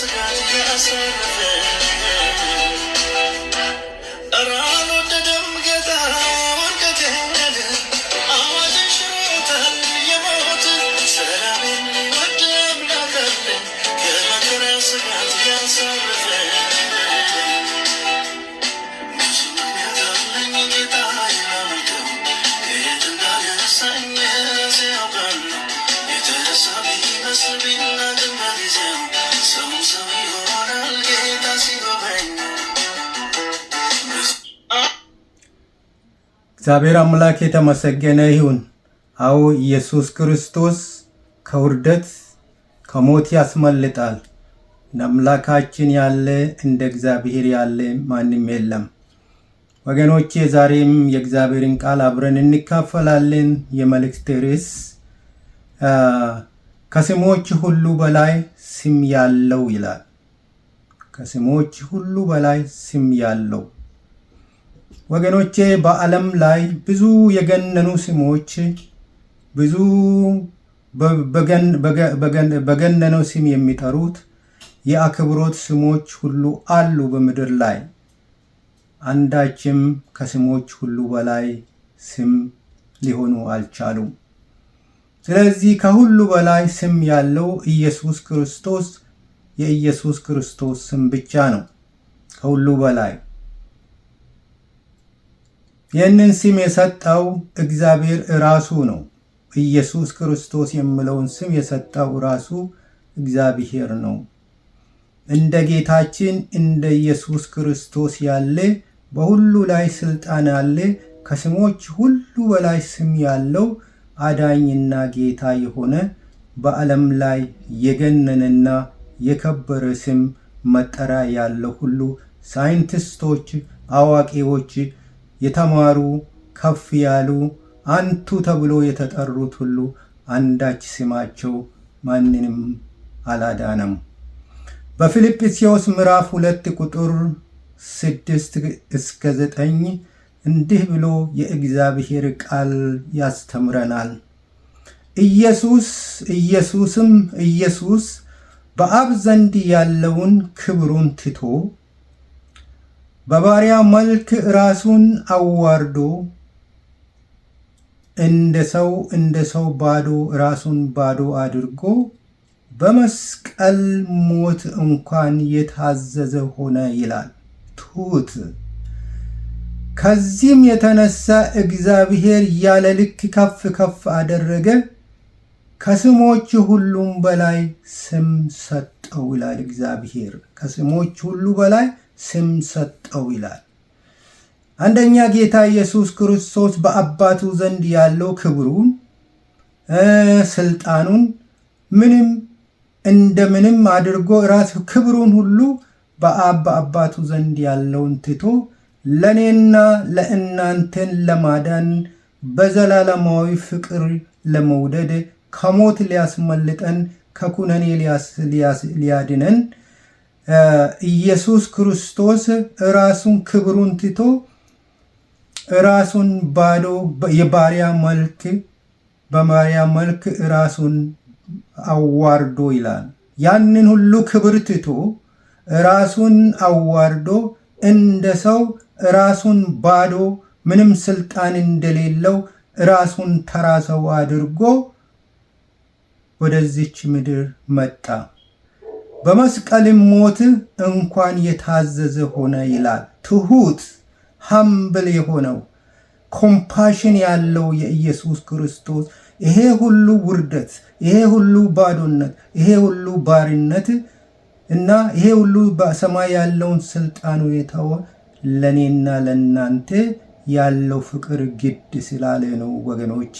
ስጋት ያሰረፈ እግዚአብሔር አምላክ የተመሰገነ ይሁን። አዎ ኢየሱስ ክርስቶስ ከውርደት ከሞት ያስመልጣል። እንደ አምላካችን ያለ እንደ እግዚአብሔር ያለ ማንም የለም። ወገኖቼ ዛሬም የእግዚአብሔርን ቃል አብረን እንካፈላለን። የመልእክት ርዕስ ከስሞች ሁሉ በላይ ስም ያለው ይላል። ከስሞች ሁሉ በላይ ስም ያለው ወገኖቼ በዓለም ላይ ብዙ የገነኑ ስሞች ብዙ በገነነው ስም የሚጠሩት የአክብሮት ስሞች ሁሉ አሉ በምድር ላይ አንዳችም ከስሞች ሁሉ በላይ ስም ሊሆኑ አልቻሉም። ስለዚህ ከሁሉ በላይ ስም ያለው ኢየሱስ ክርስቶስ የኢየሱስ ክርስቶስ ስም ብቻ ነው ከሁሉ በላይ ይህንን ስም የሰጠው እግዚአብሔር ራሱ ነው። ኢየሱስ ክርስቶስ የሚለውን ስም የሰጠው ራሱ እግዚአብሔር ነው። እንደ ጌታችን እንደ ኢየሱስ ክርስቶስ ያለ በሁሉ ላይ ስልጣን ያለ ከስሞች ሁሉ በላይ ስም ያለው አዳኝና ጌታ የሆነ በዓለም ላይ የገነነና የከበረ ስም መጠሪያ ያለው ሁሉ ሳይንቲስቶች፣ አዋቂዎች የተማሩ ከፍ ያሉ አንቱ ተብሎ የተጠሩት ሁሉ አንዳች ስማቸው ማንንም አላዳነም። በፊልጵስዎስ ምዕራፍ ሁለት ቁጥር ስድስት እስከ ዘጠኝ እንዲህ ብሎ የእግዚአብሔር ቃል ያስተምረናል። ኢየሱስ ኢየሱስም ኢየሱስ በአብ ዘንድ ያለውን ክብሩን ትቶ በባሪያ መልክ ራሱን አዋርዶ እንደ ሰው እንደ ሰው ባዶ ራሱን ባዶ አድርጎ በመስቀል ሞት እንኳን የታዘዘ ሆነ ይላል ትሁት። ከዚህም የተነሳ እግዚአብሔር ያለ ልክ ከፍ ከፍ አደረገ፣ ከስሞች ሁሉም በላይ ስም ሰጠው ይላል እግዚአብሔር ከስሞች ሁሉ በላይ ስም ሰጠው ይላል። አንደኛ ጌታ ኢየሱስ ክርስቶስ በአባቱ ዘንድ ያለው ክብሩን ስልጣኑን ምንም እንደምንም አድርጎ ራስ ክብሩን ሁሉ በአብ በአባቱ ዘንድ ያለውን ትቶ ለእኔና ለእናንተን ለማዳን በዘላለማዊ ፍቅር ለመውደድ ከሞት ሊያስመልጠን ከኩነኔ ሊያድነን ኢየሱስ ክርስቶስ ራሱን ክብሩን ትቶ ራሱን ባዶ የባሪያ መልክ በማሪያ መልክ ራሱን አዋርዶ ይላል። ያንን ሁሉ ክብር ትቶ ራሱን አዋርዶ እንደ ሰው ራሱን ባዶ ምንም ስልጣን እንደሌለው ራሱን ተራ ሰው አድርጎ ወደዚች ምድር መጣ። በመስቀልም ሞት እንኳን የታዘዘ ሆነ ይላል። ትሁት ሀምብል የሆነው ኮምፓሽን ያለው የኢየሱስ ክርስቶስ ይሄ ሁሉ ውርደት፣ ይሄ ሁሉ ባዶነት፣ ይሄ ሁሉ ባሪነት እና ይሄ ሁሉ በሰማይ ያለውን ስልጣኑ የተወ ለእኔና ለእናንተ ያለው ፍቅር ግድ ስላለ ነው። ወገኖቼ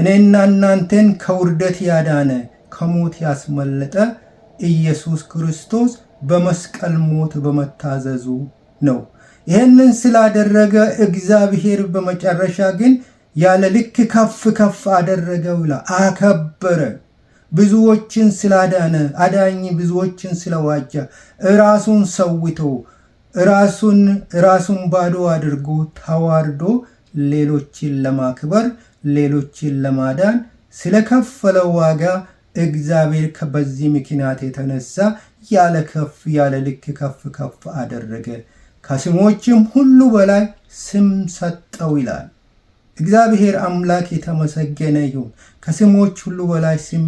እኔና እናንተን ከውርደት ያዳነ ከሞት ያስመለጠ ኢየሱስ ክርስቶስ በመስቀል ሞት በመታዘዙ ነው። ይህንን ስላደረገ እግዚአብሔር በመጨረሻ ግን ያለ ልክ ከፍ ከፍ አደረገ ብላ አከበረ። ብዙዎችን ስላዳነ አዳኝ ብዙዎችን ስለዋጃ እራሱን ሰውቶ ራሱን ራሱን ባዶ አድርጎ ተዋርዶ ሌሎችን ለማክበር ሌሎችን ለማዳን ስለከፈለው ዋጋ እግዚአብሔር በዚህ ምክንያት የተነሳ ያለ ከፍ ያለ ልክ ከፍ ከፍ አደረገ፣ ከስሞችም ሁሉ በላይ ስም ሰጠው ይላል። እግዚአብሔር አምላክ የተመሰገነ ይሁን። ከስሞች ሁሉ በላይ ስም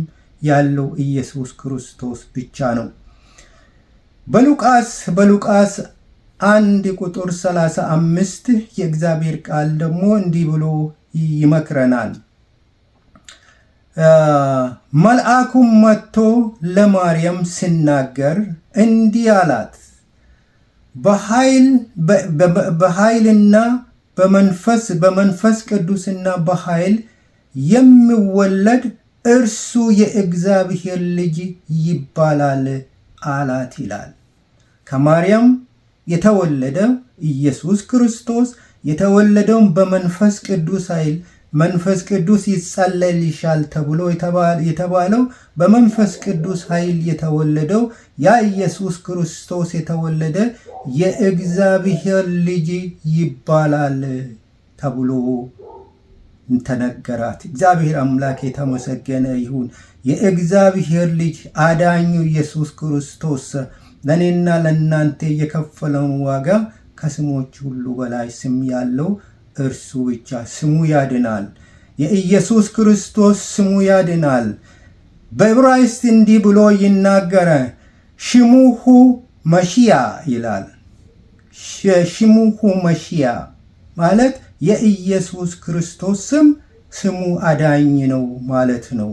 ያለው ኢየሱስ ክርስቶስ ብቻ ነው። በሉቃስ በሉቃስ አንድ ቁጥር 35 የእግዚአብሔር ቃል ደግሞ እንዲህ ብሎ ይመክረናል። መልአኩም መጥቶ ለማርያም ሲናገር እንዲህ አላት፣ በኃይልና በመንፈስ በመንፈስ ቅዱስና በኃይል የሚወለድ እርሱ የእግዚአብሔር ልጅ ይባላል አላት ይላል። ከማርያም የተወለደ ኢየሱስ ክርስቶስ የተወለደውን በመንፈስ ቅዱስ ኃይል መንፈስ ቅዱስ ይጸለይልሻል ተብሎ የተባለው በመንፈስ ቅዱስ ኃይል የተወለደው ያ ኢየሱስ ክርስቶስ የተወለደ የእግዚአብሔር ልጅ ይባላል ተብሎ ተነገራት። እግዚአብሔር አምላክ የተመሰገነ ይሁን። የእግዚአብሔር ልጅ አዳኙ ኢየሱስ ክርስቶስ ለእኔና ለእናንተ የከፈለውን ዋጋ ከስሞች ሁሉ በላይ ስም ያለው እርሱ ብቻ ስሙ ያድናል። የኢየሱስ ክርስቶስ ስሙ ያድናል። በዕብራይስጥ እንዲህ ብሎ ይናገረ ሽሙሁ መሺያ ይላል። ሽሙሁ መሺያ ማለት የኢየሱስ ክርስቶስ ስም ስሙ አዳኝ ነው ማለት ነው።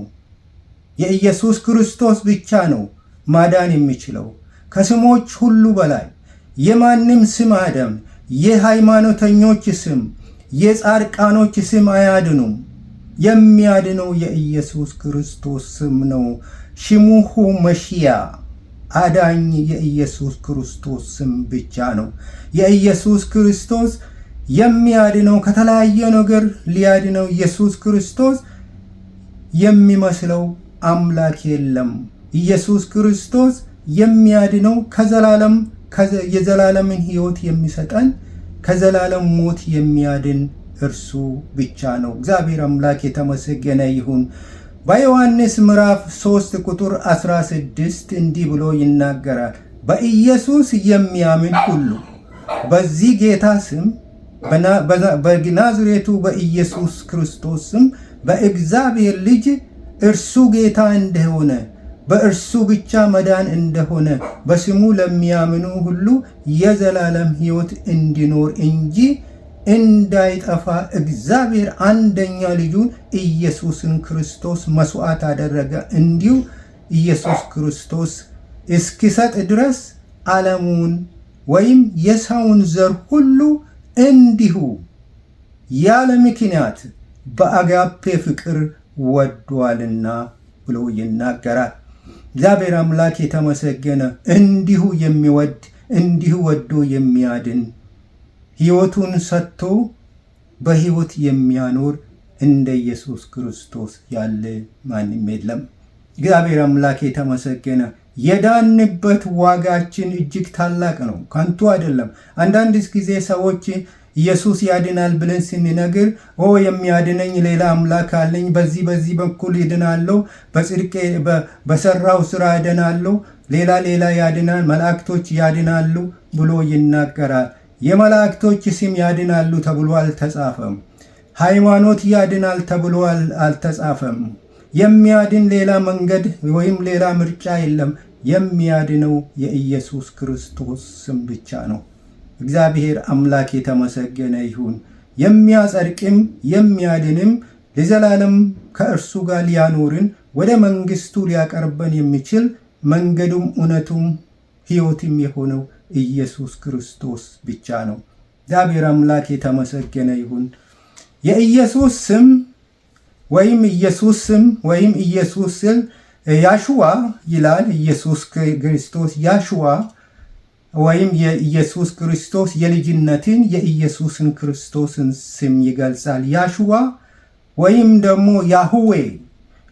የኢየሱስ ክርስቶስ ብቻ ነው ማዳን የሚችለው ከስሞች ሁሉ በላይ የማንም ስም አደም የሃይማኖተኞች ስም የጻድቃኖች ስም አያድኑም። የሚያድነው የኢየሱስ ክርስቶስ ስም ነው። ሽሙሁ መሺያ አዳኝ የኢየሱስ ክርስቶስ ስም ብቻ ነው። የኢየሱስ ክርስቶስ የሚያድነው ከተለያየ ነገር ሊያድነው ኢየሱስ ክርስቶስ የሚመስለው አምላክ የለም። ኢየሱስ ክርስቶስ የሚያድነው ከዘላለም የዘላለምን ሕይወት የሚሰጠን ከዘላለም ሞት የሚያድን እርሱ ብቻ ነው። እግዚአብሔር አምላክ የተመሰገነ ይሁን። በዮሐንስ ምዕራፍ 3 ቁጥር 16 እንዲህ ብሎ ይናገራል። በኢየሱስ የሚያምን ሁሉ በዚህ ጌታ ስም በናዝሬቱ በኢየሱስ ክርስቶስ ስም በእግዚአብሔር ልጅ እርሱ ጌታ እንደሆነ በእርሱ ብቻ መዳን እንደሆነ በስሙ ለሚያምኑ ሁሉ የዘላለም ሕይወት እንዲኖር እንጂ እንዳይጠፋ እግዚአብሔር አንደኛ ልጁን ኢየሱስን ክርስቶስ መስዋዕት አደረገ። እንዲሁ ኢየሱስ ክርስቶስ እስኪሰጥ ድረስ ዓለሙን ወይም የሰውን ዘር ሁሉ እንዲሁ ያለ ምክንያት በአጋፔ ፍቅር ወዷልና ብሎ ይናገራል። እግዚአብሔር አምላክ የተመሰገነ እንዲሁ የሚወድ እንዲሁ ወዶ የሚያድን ሕይወቱን ሰጥቶ በሕይወት የሚያኖር እንደ ኢየሱስ ክርስቶስ ያለ ማንም የለም። እግዚአብሔር አምላክ የተመሰገነ የዳንበት ዋጋችን እጅግ ታላቅ ነው፣ ከንቱ አይደለም። አንዳንድ ጊዜ ሰዎች ኢየሱስ ያድናል ብለን ስንነግር ኦ የሚያድነኝ ሌላ አምላክ አለኝ፣ በዚህ በዚህ በኩል ይድናለሁ፣ በጽድቄ በሰራው ስራ ያድናለሁ፣ ሌላ ሌላ ያድናል፣ መላእክቶች ያድናሉ ብሎ ይናገራል። የመላእክቶች ስም ያድናሉ ተብሎ አልተጻፈም። ሃይማኖት ያድናል ተብሎ አልተጻፈም። የሚያድን ሌላ መንገድ ወይም ሌላ ምርጫ የለም። የሚያድነው የኢየሱስ ክርስቶስ ስም ብቻ ነው። እግዚአብሔር አምላክ የተመሰገነ ይሁን። የሚያጸድቅም የሚያድንም ለዘላለም ከእርሱ ጋር ሊያኖርን ወደ መንግስቱ ሊያቀርበን የሚችል መንገዱም እውነቱም ሕይወትም የሆነው ኢየሱስ ክርስቶስ ብቻ ነው። እግዚአብሔር አምላክ የተመሰገነ ይሁን። የኢየሱስ ስም ወይም ኢየሱስ ስም ወይም ኢየሱስ ስል ያሹዋ ይላል ኢየሱስ ክርስቶስ ያሹዋ ወይም የኢየሱስ ክርስቶስ የልጅነትን የኢየሱስን ክርስቶስን ስም ይገልጻል። ያሹዋ ወይም ደግሞ ያሁዌ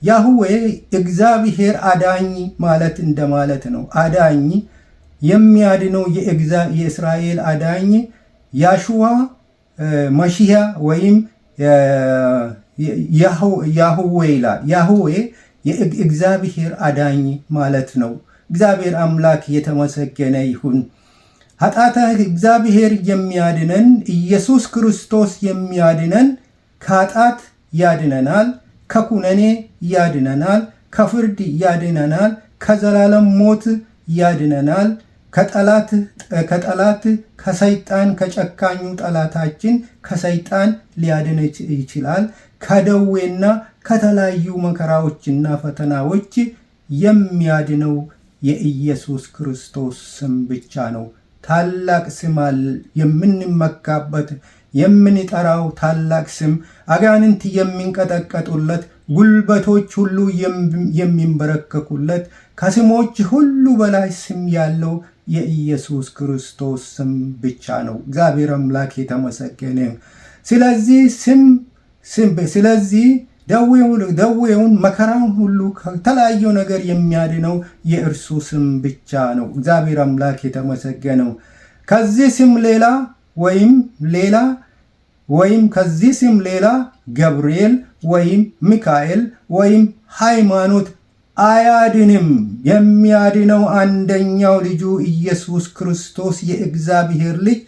ያህዌ እግዚአብሔር አዳኝ ማለት እንደማለት ነው። አዳኝ የሚያድነው የእስራኤል አዳኝ ያሹዋ መሺያ ወይም ያሁዌ ይላል። ያሁዌ የእግዚአብሔር አዳኝ ማለት ነው። እግዚአብሔር አምላክ የተመሰገነ ይሁን። ኃጢአተ እግዚአብሔር የሚያድነን ኢየሱስ ክርስቶስ የሚያድነን ከኃጢአት ያድነናል፣ ከኩነኔ ያድነናል፣ ከፍርድ ያድነናል፣ ከዘላለም ሞት ያድነናል፣ ከጠላት ከሰይጣን ከጨካኙ ጠላታችን ከሰይጣን ሊያድን ይችላል። ከደዌና ከተለያዩ መከራዎችና ፈተናዎች የሚያድነው የኢየሱስ ክርስቶስ ስም ብቻ ነው። ታላቅ ስም የምንመካበት የምንጠራው ታላቅ ስም፣ አጋንንት የሚንቀጠቀጡለት፣ ጉልበቶች ሁሉ የሚንበረከኩለት፣ ከስሞች ሁሉ በላይ ስም ያለው የኢየሱስ ክርስቶስ ስም ብቻ ነው። እግዚአብሔር አምላክ የተመሰገነ። ስለዚህ ስም ስለዚህ ደዌውን መከራውን ሁሉ ከተለያየው ነገር የሚያድነው የእርሱ ስም ብቻ ነው። እግዚአብሔር አምላክ የተመሰገነው። ከዚህ ስም ሌላ ወይም ሌላ ወይም ከዚህ ስም ሌላ ገብርኤል ወይም ሚካኤል ወይም ሃይማኖት አያድንም። የሚያድነው አንደኛው ልጁ ኢየሱስ ክርስቶስ የእግዚአብሔር ልጅ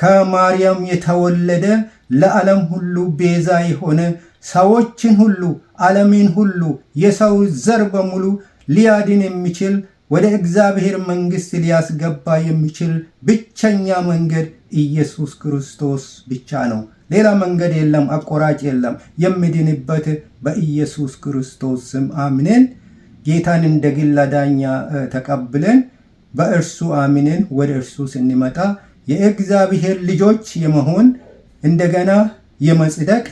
ከማርያም የተወለደ ለዓለም ሁሉ ቤዛ የሆነ ሰዎችን ሁሉ ዓለምን ሁሉ የሰው ዘር በሙሉ ሊያድን የሚችል ወደ እግዚአብሔር መንግሥት ሊያስገባ የሚችል ብቸኛ መንገድ ኢየሱስ ክርስቶስ ብቻ ነው። ሌላ መንገድ የለም፣ አቆራጭ የለም። የምድንበት በኢየሱስ ክርስቶስ ስም አምነን ጌታን እንደ ግል አዳኛ ተቀብለን በእርሱ አምነን ወደ እርሱ ስንመጣ የእግዚአብሔር ልጆች የመሆን እንደገና የመጽደቅ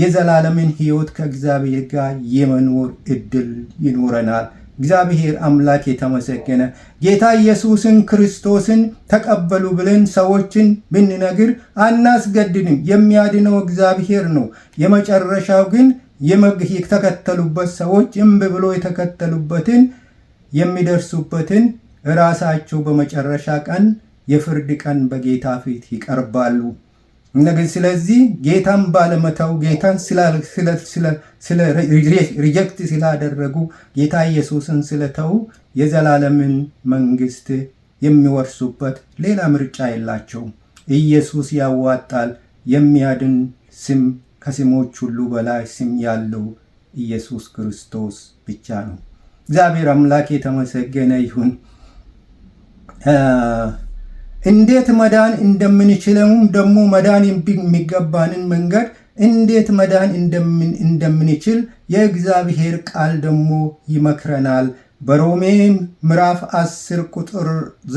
የዘላለምን ሕይወት ከእግዚአብሔር ጋር የመኖር እድል ይኖረናል። እግዚአብሔር አምላክ የተመሰገነ። ጌታ ኢየሱስን ክርስቶስን ተቀበሉ ብለን ሰዎችን ብንነግር አናስገድድም። የሚያድነው እግዚአብሔር ነው። የመጨረሻው ግን የተከተሉበት ሰዎች እምብ ብሎ የተከተሉበትን የሚደርሱበትን ራሳቸው በመጨረሻ ቀን የፍርድ ቀን በጌታ ፊት ይቀርባሉ። ነገር ስለዚህ ጌታን ባለመተው ጌታን ሪጀክት ስላደረጉ ጌታ ኢየሱስን ስለተው የዘላለምን መንግስት የሚወርሱበት ሌላ ምርጫ የላቸውም። ኢየሱስ ያዋጣል። የሚያድን ስም ከስሞች ሁሉ በላይ ስም ያለው ኢየሱስ ክርስቶስ ብቻ ነው። እግዚአብሔር አምላክ የተመሰገነ ይሁን። እንዴት መዳን እንደምንችለውም ደግሞ መዳን የሚገባንን መንገድ እንዴት መዳን እንደምንችል የእግዚአብሔር ቃል ደግሞ ይመክረናል። በሮሜ ምዕራፍ 10 ቁጥር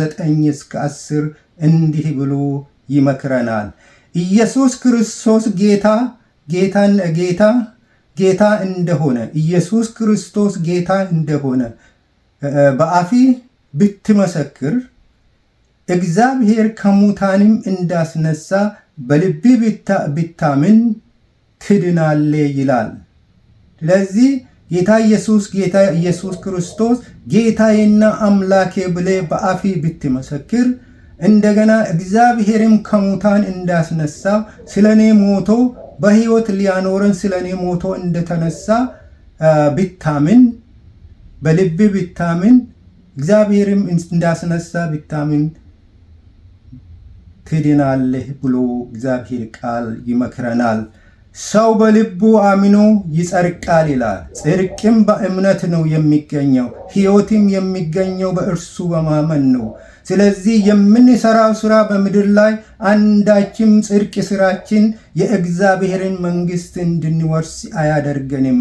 9 እስከ 10 እንዲህ ብሎ ይመክረናል። ኢየሱስ ክርስቶስ ጌታ ጌታን ጌታ ጌታ እንደሆነ ኢየሱስ ክርስቶስ ጌታ እንደሆነ በአፊ ብትመሰክር እግዚአብሔር ከሙታንም እንዳስነሳ በልብ ብታምን ትድናሌ ይላል። ስለዚህ ጌታ ኢየሱስ ጌታ ኢየሱስ ክርስቶስ ጌታዬና አምላኬ ብለ በአፊ ብትመሰክር እንደገና እግዚአብሔርም ከሙታን እንዳስነሳ ስለኔ ሞቶ በሕይወት ሊያኖረን ስለኔ ሞቶ እንደተነሳ ብታምን በልብ ብታምን እግዚአብሔርም እንዳስነሳ ብታምን ትድናለህ ብሎ እግዚአብሔር ቃል ይመክረናል። ሰው በልቡ አምኖ ይጸድቃል ይላል። ጽድቅም በእምነት ነው የሚገኘው፣ ሕይወትም የሚገኘው በእርሱ በማመን ነው። ስለዚህ የምንሰራው ስራ በምድር ላይ አንዳችም ጽድቅ ስራችን የእግዚአብሔርን መንግሥት እንድንወርስ አያደርገንም።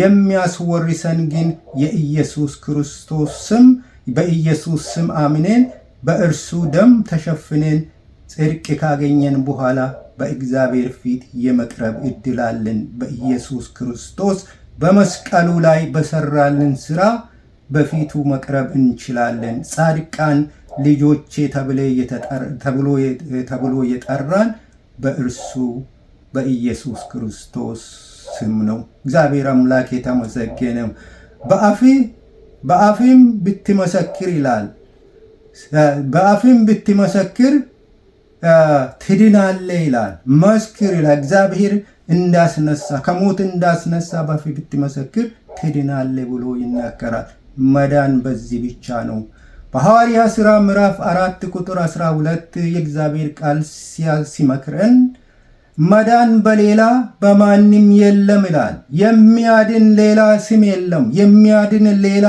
የሚያስወርሰን ግን የኢየሱስ ክርስቶስ ስም በኢየሱስ ስም አምነን በእርሱ ደም ተሸፍነን ጽድቅ ካገኘን በኋላ በእግዚአብሔር ፊት የመቅረብ እድል አለን። በኢየሱስ ክርስቶስ በመስቀሉ ላይ በሰራልን ስራ በፊቱ መቅረብ እንችላለን። ጻድቃን ልጆቼ ተብሎ የጠራን በእርሱ በኢየሱስ ክርስቶስ ስም ነው። እግዚአብሔር አምላክ የተመሰገነው። በአፍም ብትመሰክር ይላል። በአፍም ብትመሰክር ትድናለ ይላል። መስክር ይላል። እግዚአብሔር እንዳስነሳ ከሞት እንዳስነሳ በፊት ብትመሰክር ትድናለ ብሎ ይናገራል። መዳን በዚህ ብቻ ነው። በሐዋርያ ሥራ ምዕራፍ አራት ቁጥር 12 የእግዚአብሔር ቃል ሲመክረን መዳን በሌላ በማንም የለም ይላል። የሚያድን ሌላ ስም የለም። የሚያድን ሌላ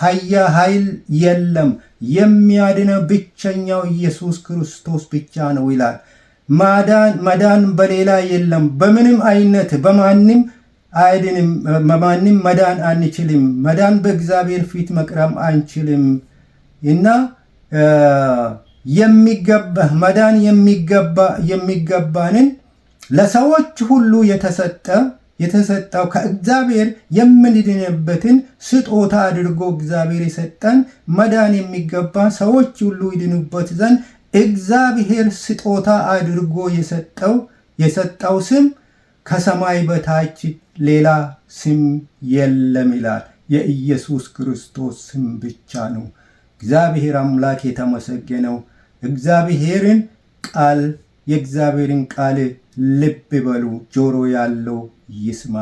ሀያ ኃይል የለም የሚያድነው ብቸኛው ኢየሱስ ክርስቶስ ብቻ ነው ይላል። መዳን በሌላ የለም። በምንም አይነት በማንም አይድንም። በማንም መዳን አንችልም። መዳን በእግዚአብሔር ፊት መቅረም አንችልም እና የሚገባ መዳን የሚገባ የሚገባንን ለሰዎች ሁሉ የተሰጠ የተሰጠው ከእግዚአብሔር የምንድንበትን ስጦታ አድርጎ እግዚአብሔር የሰጠን መዳን የሚገባ ሰዎች ሁሉ ይድኑበት ዘንድ እግዚአብሔር ስጦታ አድርጎ የሰጠው የሰጠው ስም ከሰማይ በታች ሌላ ስም የለም ይላል። የኢየሱስ ክርስቶስ ስም ብቻ ነው። እግዚአብሔር አምላክ የተመሰገነው እግዚአብሔርን ቃል የእግዚአብሔርን ቃል ልብ በሉ፣ ጆሮ ያለው ይስማ።